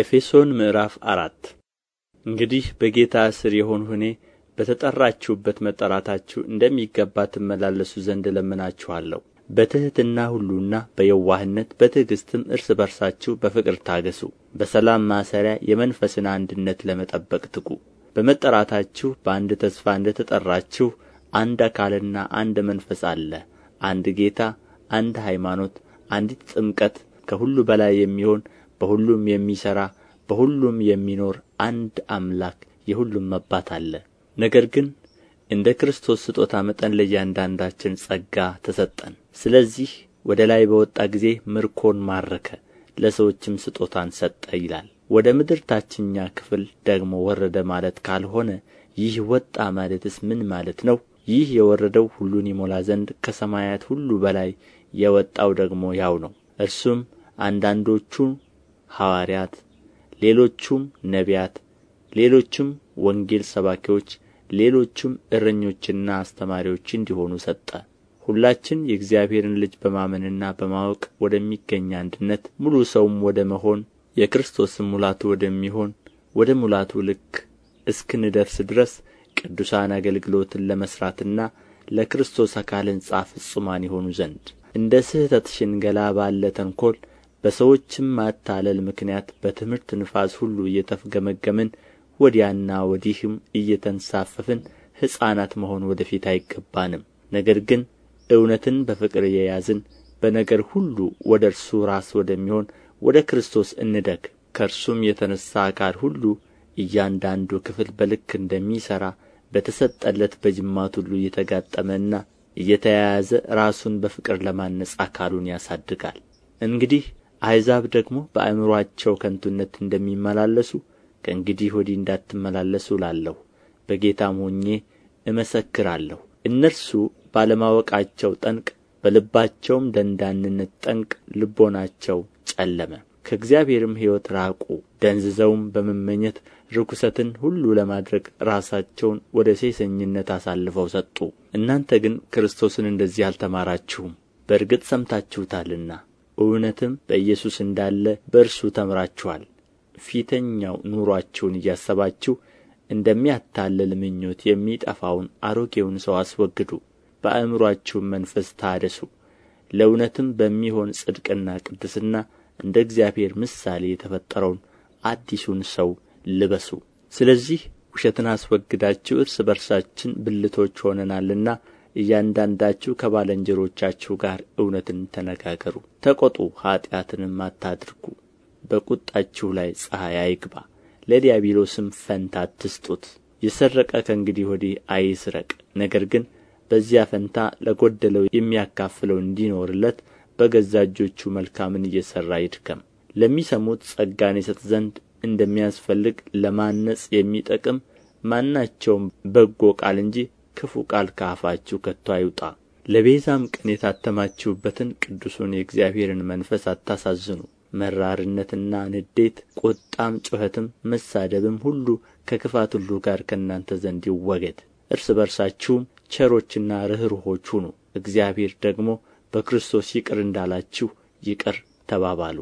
ኤፌሶን ምዕራፍ አራት እንግዲህ በጌታ እስር የሆንሁ እኔ በተጠራችሁበት መጠራታችሁ እንደሚገባ ትመላለሱ ዘንድ እለምናችኋለሁ በትሕትና ሁሉና በየዋህነት በትዕግሥትም እርስ በርሳችሁ በፍቅር ታገሱ በሰላም ማሰሪያ የመንፈስን አንድነት ለመጠበቅ ትጉ በመጠራታችሁ በአንድ ተስፋ እንደ ተጠራችሁ አንድ አካልና አንድ መንፈስ አለ አንድ ጌታ አንድ ሃይማኖት አንዲት ጥምቀት ከሁሉ በላይ የሚሆን በሁሉም የሚሠራ በሁሉም የሚኖር አንድ አምላክ የሁሉም አባት አለ ነገር ግን እንደ ክርስቶስ ስጦታ መጠን ለእያንዳንዳችን ጸጋ ተሰጠን ስለዚህ ወደ ላይ በወጣ ጊዜ ምርኮን ማረከ ለሰዎችም ስጦታን ሰጠ ይላል ወደ ምድር ታችኛ ክፍል ደግሞ ወረደ ማለት ካልሆነ ይህ ወጣ ማለትስ ምን ማለት ነው ይህ የወረደው ሁሉን ይሞላ ዘንድ ከሰማያት ሁሉ በላይ የወጣው ደግሞ ያው ነው እርሱም አንዳንዶቹን ሐዋርያት ሌሎቹም ነቢያት ሌሎቹም ወንጌል ሰባኪዎች ሌሎቹም እረኞችና አስተማሪዎች እንዲሆኑ ሰጠ ሁላችን የእግዚአብሔርን ልጅ በማመንና በማወቅ ወደሚገኝ አንድነት ሙሉ ሰውም ወደ መሆን የክርስቶስም ሙላቱ ወደሚሆን ወደ ሙላቱ ልክ እስክንደርስ ድረስ ቅዱሳን አገልግሎትን ለመሥራትና ለክርስቶስ አካል ሕንጻ ፍጹማን ይሆኑ ዘንድ እንደ ስህተት ሽንገላ ባለ ተንኰል በሰዎችም ማታለል ምክንያት በትምህርት ንፋስ ሁሉ እየተፍገመገምን ወዲያና ወዲህም እየተንሳፈፍን ሕፃናት መሆን ወደ ፊት አይገባንም ነገር ግን እውነትን በፍቅር እየያዝን በነገር ሁሉ ወደ እርሱ ራስ ወደሚሆን ወደ ክርስቶስ እንደግ ከእርሱም የተነሣ አካል ሁሉ እያንዳንዱ ክፍል በልክ እንደሚሠራ በተሰጠለት በጅማት ሁሉ እየተጋጠመና እየተያያዘ ራሱን በፍቅር ለማነጽ አካሉን ያሳድጋል እንግዲህ አሕዛብ ደግሞ በአእምሮአቸው ከንቱነት እንደሚመላለሱ ከእንግዲህ ወዲህ እንዳትመላለሱ እላለሁ በጌታም ሆኜ እመሰክራለሁ እነርሱ ባለማወቃቸው ጠንቅ በልባቸውም ደንዳንነት ጠንቅ ልቦናቸው ጨለመ ከእግዚአብሔርም ሕይወት ራቁ ደንዝዘውም በመመኘት ርኵሰትን ሁሉ ለማድረግ ራሳቸውን ወደ ሴሰኝነት አሳልፈው ሰጡ እናንተ ግን ክርስቶስን እንደዚህ አልተማራችሁም በእርግጥ ሰምታችሁታልና እውነትም በኢየሱስ እንዳለ በእርሱ ተምራችኋል ፊተኛው ኑሮአችሁን እያሰባችሁ እንደሚያታልል ምኞት የሚጠፋውን አሮጌውን ሰው አስወግዱ በአእምሮአችሁም መንፈስ ታደሱ ለእውነትም በሚሆን ጽድቅና ቅድስና እንደ እግዚአብሔር ምሳሌ የተፈጠረውን አዲሱን ሰው ልበሱ ስለዚህ ውሸትን አስወግዳችሁ እርስ በርሳችን ብልቶች ሆነናልና እያንዳንዳችሁ ከባልንጀሮቻችሁ ጋር እውነትን ተነጋገሩ ተቆጡ ኃጢአትንም አታድርጉ በቁጣችሁ ላይ ፀሐይ አይግባ ለዲያብሎስም ፈንታ አትስጡት የሰረቀ ከእንግዲህ ወዲህ አይስረቅ ነገር ግን በዚያ ፈንታ ለጎደለው የሚያካፍለው እንዲኖርለት በገዛ እጆቹ መልካምን እየሠራ ይድከም ለሚሰሙት ጸጋን ይሰጥ ዘንድ እንደሚያስፈልግ ለማነጽ የሚጠቅም ማናቸውም በጎ ቃል እንጂ ክፉ ቃል ከአፋችሁ ከቶ አይውጣ ለቤዛም ቀን የታተማችሁበትን ቅዱሱን የእግዚአብሔርን መንፈስ አታሳዝኑ መራርነትና ንዴት ቁጣም ጩኸትም መሳደብም ሁሉ ከክፋት ሁሉ ጋር ከእናንተ ዘንድ ይወገድ እርስ በርሳችሁም ቸሮችና ርኅሩኆች ሁኑ እግዚአብሔር ደግሞ በክርስቶስ ይቅር እንዳላችሁ ይቅር ተባባሉ